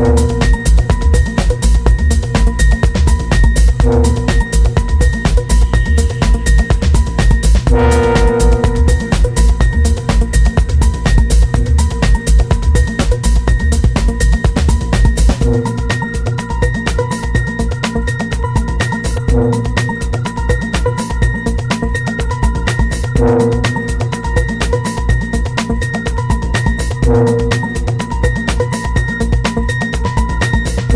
Thank you.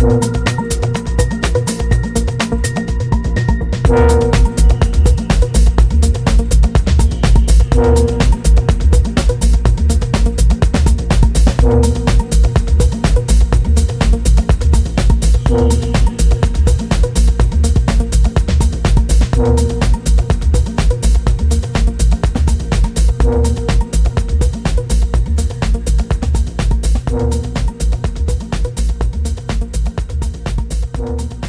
Música thank you